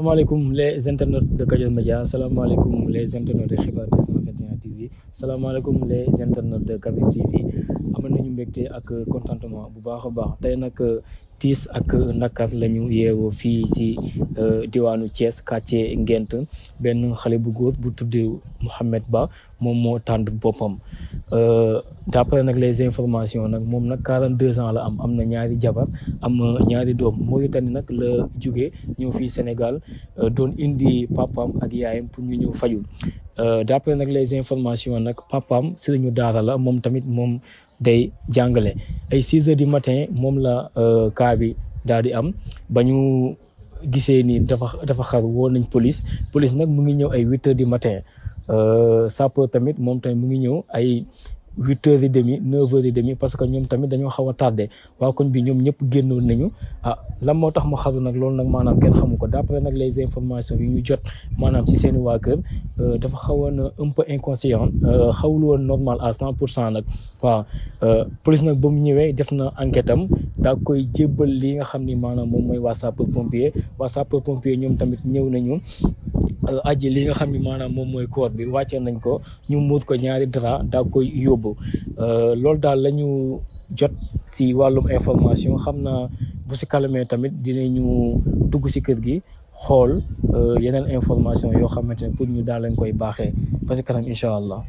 Allam les internautes de Kadior Media asalaamaaleykum les internautes de xibaar 221 TV asalaamaaleykum les internautes de Kabir TV mën nañu mbégte ak contentement bu baax a baax tey nag tiis ak nakar lañu yeewoo fii si euh, diwaanu Thiès quartier Ngent benn xale bu góor bu tuddee Mouhamed Ba moom moo tànd boppam euh, d'après nag les informations nag moom nag quarante deux ans la am am na ñaari jabar am ñaari doom Mauritanie nag la jóge ñëw fii Sénégal euh, doon indi papam ak yaayam pour ñu ñëw fajul Euh, d'après nag les informations nag papam sëriñu daara la moom tamit moom day jàngale ay six heures du matin moom la euh, cas bi daal di am ba ñu gisee nii dafa dafa xar woo nañ police police nag mu ngi ñëw ay huit di du matin euh, sapo tamit moom tamit mu ngi ñëw ay huit heures et demi neuf heures et demi parce que ñoom tamit dañoo xaw a tardé waa koñ bi ñoom ñëpp génnoon nañu ah lan moo tax mu xaru nag loolu nag maanaam kenn xamu ko d'après nag les informations yi ñu jot maanaam si seeni waa kër euh, dafa xawoon euh, un peu inconscient euh, xawul woon normal à cent pour cent nag waaw police nag ba mu ñëwee def na enquête am daa koy jébbal li nga xam ni maanaam moom mooy waa sapeur pompier waa sapeur pompier ñoom tamit ñëw nañu Euh, aji li nga xam ne maanaam moom mooy koor bi wàcce nañ ko ñu muur ko ñaari dara daa koy yóbbu euh, loolu daal lañu jot si wàllum information xam na bu si kalamee tamit dinañu dugg si kër gi xool euh, yeneen information yoo xamante ne pour ñu daal lañ koy baaxee parce que kanam incha allah